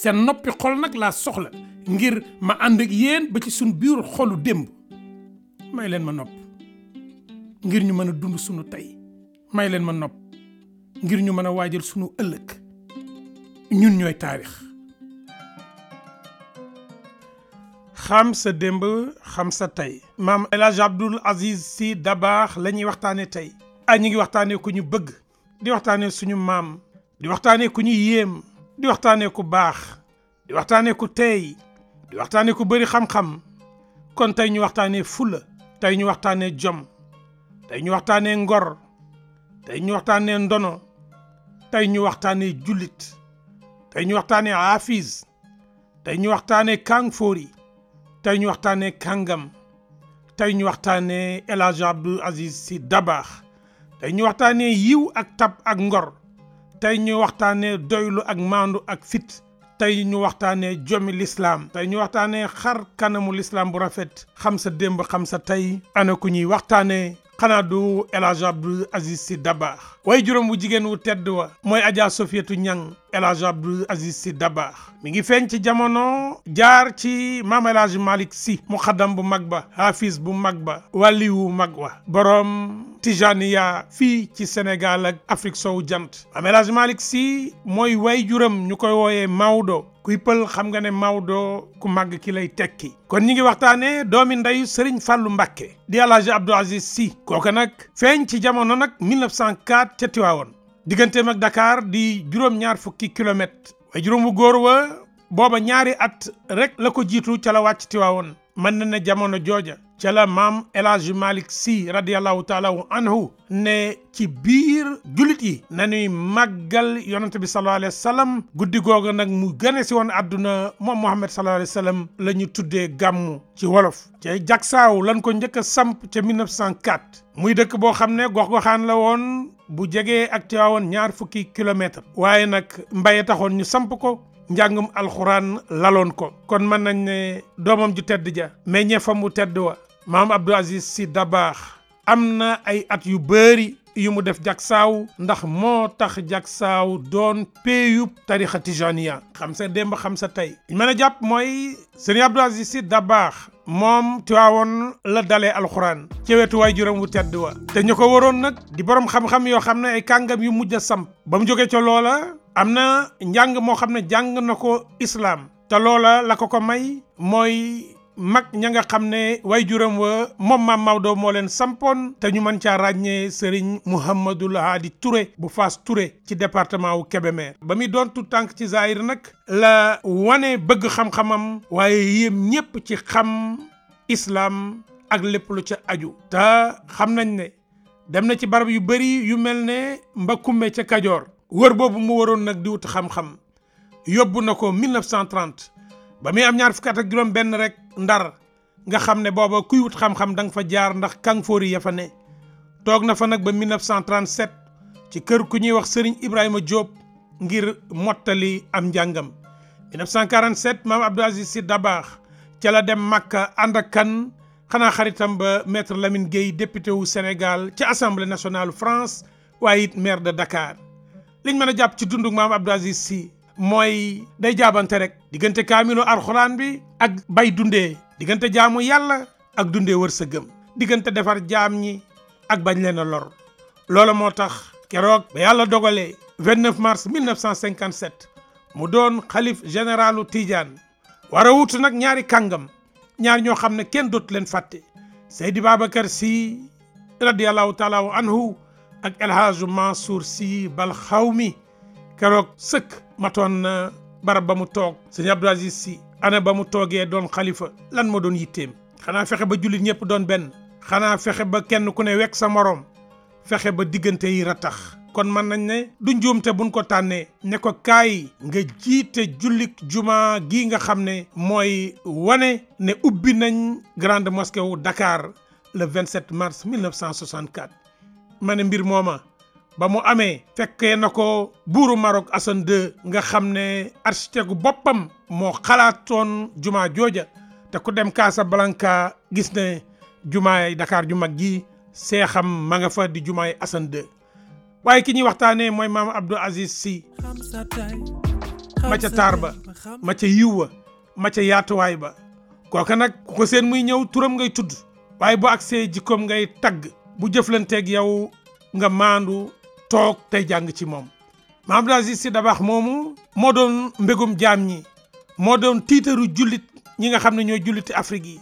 seen noppi xol nag laa soxla ngir ma ànd ak yéen ba ci suñ biir xolu démb may leen ma nopp ngir ñu mën a dund sunu tey may leen ma nopp ngir ñu mën a waajal sunu ëllëg ñun ñooy taarix xam sa démb xam sa tey maam El Hadj Abdoul Aziz Sy Dabakh la ñuy waxtaane tey ay ñu ngi waxtaane ku ñu bëgg di waxtaane suñu maam di waxtaane ku ñu yéem di waxtaanee ku baax di waxtaanee ku teey di waxtaanee ku bëri xam-xam kon tey ñu waxtaanee fula tey ñu waxtaanee jom tey ñu waxtaanee ngor tey ñu waxtaanee ndono tey ñu waxtaanee julit tey ñu waxtaanee aafis tey ñu waxtaanee kàngfoori tey ñu waxtaanee kàngam tey ñu waxtaanee El Hadj Abdou Aziz Sy Dabakh tey ñu waxtaanee yiw ak tab ak ngor tey ñu waxtaanee doylu ak maandu ak fit tey ñu waxtaanee jomi lislaam tey ñu waxtaanee xar kanamu lislaam bu rafet xam sa démb xam sa tey ana ku ñuy waxtaanee xanaa du El Hadj Abdou Aziz Sy Dabakh waaye juróom bu jigéen wu tedd wa mooy Adja Sofietu Ñang El Hadj Abdou Aziz Sy Dabakh mi ngi feeñ ci jamono jaar ci maam El Hadj Malick Sy muxaddam bu mag ba hafiz bu mag ba walliwu mag wa boroom Tijaniya fii ci Sénégal ak Afrique sowu jant Amelage Malick si mooy way juram ñu koy wooyee Maodo kuy pël xam nga ne Maodo ku màgg ki lay tekki kon ñi ngi waxtaanee doomi ndeyu Serigne Fallou Mbacké di Alaaji Abdou Aziz Sy kooka nag feeñ ci jamono nag 1904 ca Tiwaawoon digganteem ak Dakar di juróom-ñaar fukki kilomètre way juróom wu góor wa booba ñaari at rek la ko jiitu ca la wàcc Tiwaawoon mën na ne jamono jooja ca la maam El Hadji si Sy radiyallahu taala anhu ne ci biir julit yi nañuy màggal yonent bi sallallahu alayhi guddi googu nag mu gane si woon àdduna moom Muhammad sallallahu alayhi wa la ñu tuddee gàmmu ci wolof ca jagsaaw lan ko njëkka samp ca 1904 muy dëkk boo xam ne gox-goxaan la woon bu jegee ak Tiwaawan ñaar fukki kilomètre waaye nag mbaye taxoon ñu samp ko njàngum alxuraan laloon ko kon mën nañ ne doomam ju tedd ja meññee fa mu tedd wa maam Abdou Aziz Sy baax am na ay at yu bëri yu mu def jagsaaw ndax moo tax jagsaaw doon péeyub tarixa tijaniya xam sa démb xam sa tey mën jàpp mooy sëriñ Abdou Aziz Sy Dabakh moom Tiwaawoon la dalee alxuraan ci wetu waajuram wu tedd wa te ñu ko waroon nag di borom xam-xam yoo xam na ay kàngam yu mujj a samp ba mu jógee ca loola am na njàng moo xam ne jàng na ko islaam te loola la ko ko may mooy mag ña nga xam ne waajuram wa moom maam Maodo moo leen sampoon te ñu mën caa ràññee Serigne Mouhamadou Lahadi Touré bu Fass Touré ci département wu Kébémer ba muy doon tu tànk ci Zahir nag la wane bëgg xam-xamam waaye yéem ñépp ci xam islaam ak lépp lu ca aju te xam nañ ne dem na ci barab yu bëri yu mel ne Mbakumbe ca Kajoor wër boobu mu waroon nag di wut xam yóbbu na ko 1930 ba muy am ñaar fukki at juróom benn rek ndar nga xam ne booba kuy wut xamxam xam da nga fa jaar ndax kanfoori ya fa ne toog na fa nag ba 1937 ci kër ku ñuy wax Serigne Ibrahima Diop ngir mottali am njàngam 1947 maam Abdou Aziz Sy baax ca la dem Makka ànd ak kan xanaa xaritam ba maître Lamine Gueye député wu Sénégal ci assemblée nationale France waaye it maire de Dakar liñ mën a jàpp ci dundu maam Abdou si mooy day jaabante rek diggante kaamilu alxuraan bi ak bay dundee diggante jaamu yàlla ak dundee wërsëgam diggante defar jaam ñi ak bañ leen a lor loola moo tax keroog ba yàlla dogalee 29 mars 1957 mu doon xalif généralu Tidiane war a wut nag ñaari kàngam ñaar ñoo xam ne kenn dootu leen fàtte Seydi Babacar Sy radiyallahu taala anhu ak El Hadj Mansour Sy bal xaw mi keroog sëkk matoon na ba mu toog sëñ Abdou Aziz Sy ana ba mu toogee doon xalifa lan moo doon yitteem xanaa fexe ba jullit ñëpp doon benn xanaa fexe ba kenn ku ne wekk sa moroom fexe ba diggante yi ratax kon mën nañ ne du njuumte buñ ko tànnee ne ko kaay nga jiite jullik juma gi nga xam ne mooy wane ne ubbi nañ grande mosquée wu Dakar le 27 mars 1964 ma mbir mooma ba mu amee fekkee na ko buuru Maroc Hassan II nga xam ne architecte boppam moo xalaatoon jumaa jooja te ku dem Casablanca gis ne yi dakaar ju mag ji seexam ma nga fa di jumaay Hassan II waaye ki ñuy waxtaanee mooy maam Abdou Aziz Sy ma taar ba ma yiw wa ma ca yaatuwaay ba kooka nag ku ko seen muy ñëw turam ngay tudd waaye bu agsee jikkoom ngay tagg bu jëflanteeg yow nga maandu toog tey jàng ci moom. maam Abdul Aziz Sy Dabakh moomu moo doon mbegum jaam ñi moo doon tiitaru jullit ñi nga xam ne ñooy julliti Afrique yi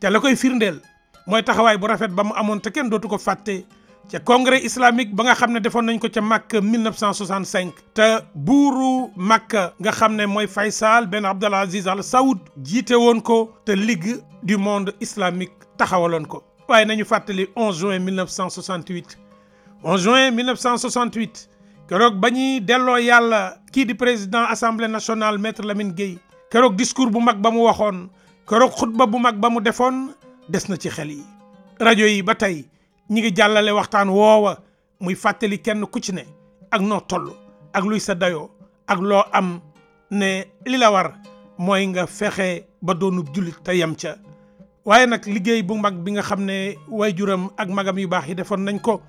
te la koy firndeel mooy taxawaay bu rafet ba mu amoon te kenn dootu ko fàtte. ca congrès islamique ba nga xam ne defoon nañ ko ca Makka 1965 te buuru Makka nga xam ne mooy Faysal Ben Abdelaziz Al Saoud jiite woon ko te Ligue du monde islamique taxawaloon ko waaye nañu fàttali 11 juin 1968 11 juin 1968 keroog ba ñuy delloo yàlla kii di président assemblée nationale maître Lamine Guèye keroog discours bu mag ba mu waxoon keroog xutba bu mag ba mu defoon des na ci xel yi rajo yi ba tey ñi ngi jàllale waxtaan woowa muy fàttali kenn ku ci ne ak noo toll ak luy sa dayo ak loo am ne li la war mooy nga fexe ba doonub jullit te yem ca waaye nag liggéey bu mag bi nga xam ne waajuram ak magam yu baax yi defoon nañ ko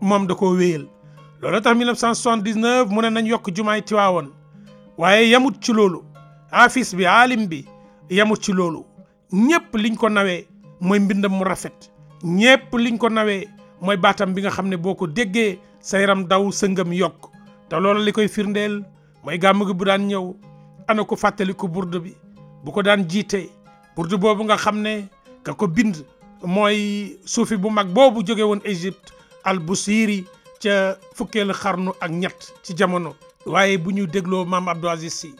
moom da koo wéyal loolu tax 1979 mu ne nañ yokk jumaay Tiwaawoon waaye yamut ci loolu afis bi aalim bi yamut ci loolu ñëpp liñ ko nawee mooy mbindam mu rafet ñëpp liñ ko nawee mooy baatam bi nga xam ne boo ko déggee sa yaram daw sëngam yokk te loolu li koy firndeel mooy gàmmu gi bu daan ñëw ana ko fàttali ko burd bi bu ko daan jiite burdu boobu nga xam ne ka ko bind mooy suufi bu mag boobu jóge woon Égypte bu Busiri ca fukkeelu xarnu ak ñett ci jamono. waaye bu ñu dégloo maam Abdou Aziz Sy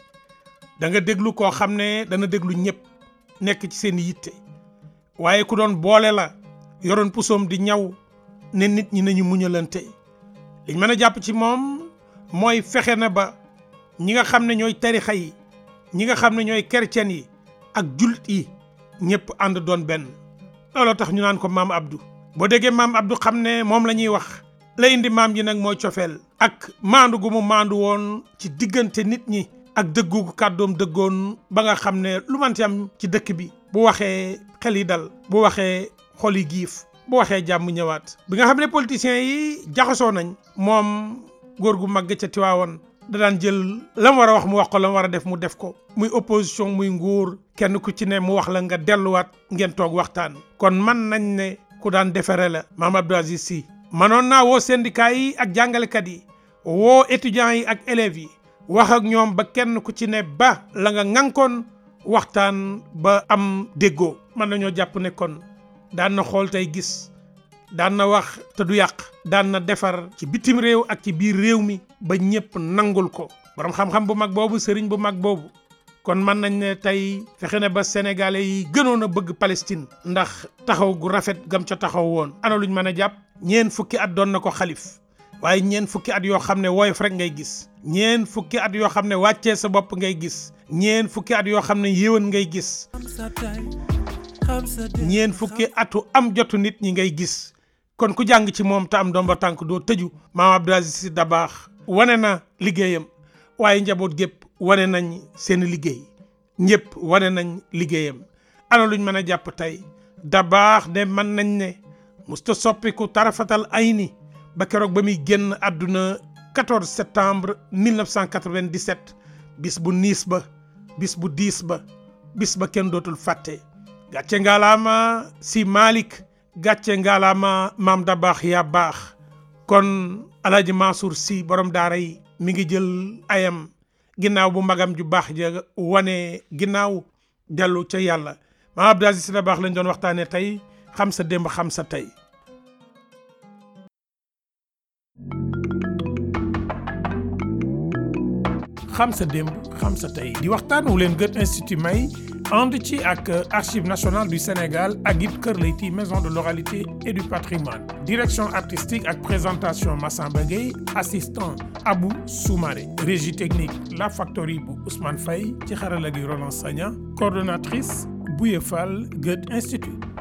da nga déglu koo xam ne dana déglu ñëpp nekk ci seen yitte waaye ku doon boole la yoroon pusoom di ñaw ne nit ñi nañu muñalante liñ mën a jàpp ci moom mooy fexe na ba ñi nga xam ne ñooy tarixa yi ñi nga xam ne ñooy kercen yi. ak jullit yi ñëpp ànd doon benn looloo tax ñu naan ko maam Abdou. boo déggee maam Abdou xam ne moom la ñuy wax la indi maam ji nag mooy cofeel ak maandu gu mu maandu woon ci diggante nit ñi ak dëggu kàddoom dëggoon ba nga xam ne lu manti am ci dëkk bi bu waxee xel yi dal bu waxee xol yi giif bu waxee jàmm ñëwaat bi nga xam ne politiciens yi jaxasoo nañ moom góor gu màgg ca Tiwaawoon da daan jël lam war a wax mu wax ko lam war a def mu def ko muy opposition muy nguur kenn ku ci ne mu wax la nga delluwaat ngeen toog waxtaan kon man nañ ne ku daan defaree la maam Abdou Aziz Sy manoon naa woo syndicat yi ak jàngalekat yi woo étudiants yi ak élèves yi wax ak ñoom ba kenn ku ci ne ba la nga ŋànkoon waxtaan ba am déggoo mën nañoo jàpp ne kon daan na xool tey gis daan na wax te du yàq daan na defar ci bitim réew ak ci biir réew mi ba ñëpp nangul ko borom xam-xam bu mag boobu sëriñ bu mag boobu kon mën nañ ne tey fexe ne ba sénégalais yi gënoon a bëgg Palestine ndax taxaw gu rafet gam ca taxaw woon ana luñ mën a jàpp ñeen fukki at doon na ko xalif waaye ñeen fukki at yoo xam ne woyof rek ngay gis ñeen fukki at yoo xam ne wàccee sa bopp ngay gis ñeen fukki at yoo xam ne yéwén ngay gis ñeen fukki atu am jotu nit ñi ngay gis kon ku jàng ci moom te am ba tànk doo tëju maam Abdou Aziz Sy Dabakh wane na liggéeyam waaye njaboot gépp wane nañ seeni liggéey ñëpp wane nañ liggéeyam ana luñ mën a jàpp tey Dabakh ne mën nañ ne musta soppiku tarafatal ay ni ba keroog ba muy génn àdduna 14 septembre 1997 bis bu niis ba bis bu diis ba bis ba kenn dootul fàtte gàcce ngaalaama si Malick gàcce ngaalaama maam da baax yaa baax kon alaaji Mansour si borom daara yi mi ngi jël ayam ginnaaw bu magam ju baax ja wane ginnaaw dellu ca yàlla maam Abdou Aziz da baax lañ doon waxtaane tey xam sa démb xam sa tey xam sa sa tey di waxtaan wu leen Goethe Institut may ànd ci ak archive national du Sénégal ak it Kër Leyti maison de l'oralité et du patrimoine direction artistique ak présentation Massamba Gueye assistant Abou Soumaré régie technique la Factory bu Ousmane Faye ci xarala gi Roland Sagna coordonnatrice Bouye Fall Goethe Institut